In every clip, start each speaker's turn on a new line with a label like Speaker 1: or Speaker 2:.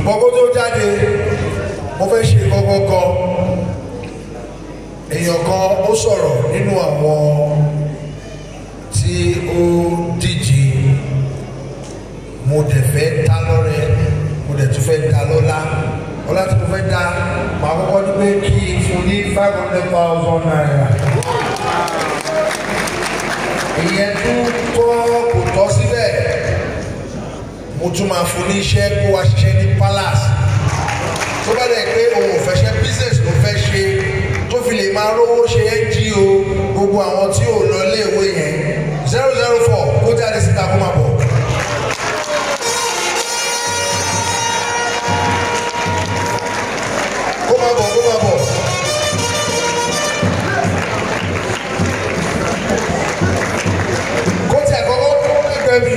Speaker 1: ṣùgbọ́n kó tó jáde mo fẹ́ ṣe kọ́kọ́ kan èèyàn kan ó sọ̀rọ̀ nínú àwọn tí ó díje mo dẹ̀ fẹ́ dá lọ́rẹ mo dẹ̀ tún fẹ́ dá lọ́lá ọlá tí mo fẹ́ dá màá kọ́kọ́ ní pé kí n fún ní five hundred thousand naira ìyẹn tún kọ́ kò mo tún máa fún ní iṣẹ́ kó wá ṣiṣẹ́ ní palace tó bá dẹ̀ pé òun ò fẹ́ ṣe business ló fẹ́ ṣe tó fi lè máa rówó ṣe NGO gbogbo àwọn tí ò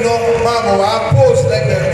Speaker 1: No, know, mama, I post like that.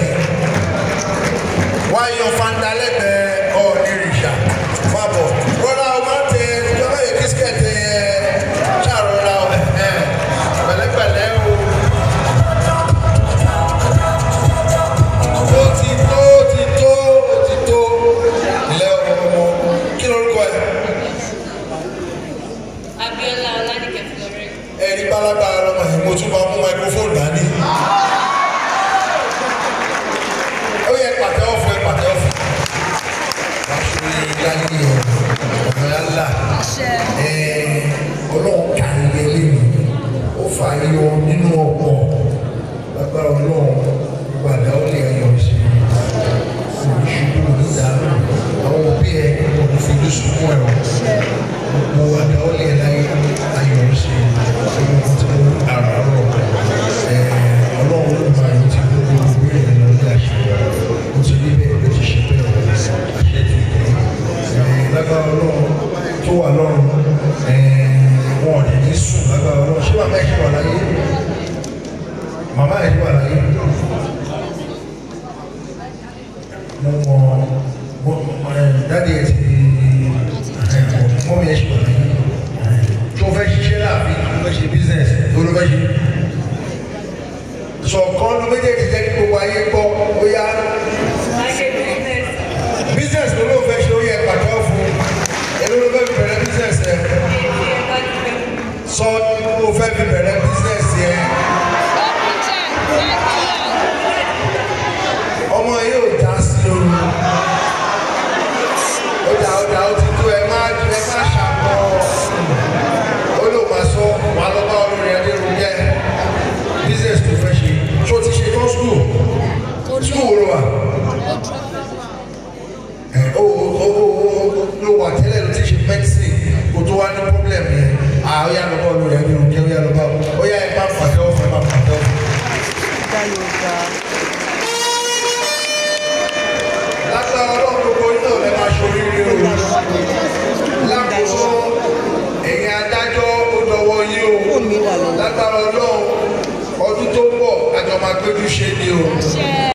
Speaker 1: para o màmá yẹn wà láyé mo mọ dáadé ẹ ti mọ mi ẹ ṣe wà láyé tó fẹ́ ṣiṣẹ́ láàbí tó fẹ́ ṣe business tó ló fẹ́ ṣe sọ̀kan ló méjèèjì jẹ́ kí gbogbo ayé gbọ́ bóyá business ló ló fẹ́ ṣe ó yẹ pàtó fún èló ló fẹ́ bẹ̀rẹ̀ business ẹ̀ sọ ní kó o fẹ́ business yẹn. Thank you. lákòóso ẹ̀yin adájọ́ ó dọwọ́ yín o lágbára ọlọ́run ọdún tó ń bọ̀ àjọ máa péjú ṣe ni o.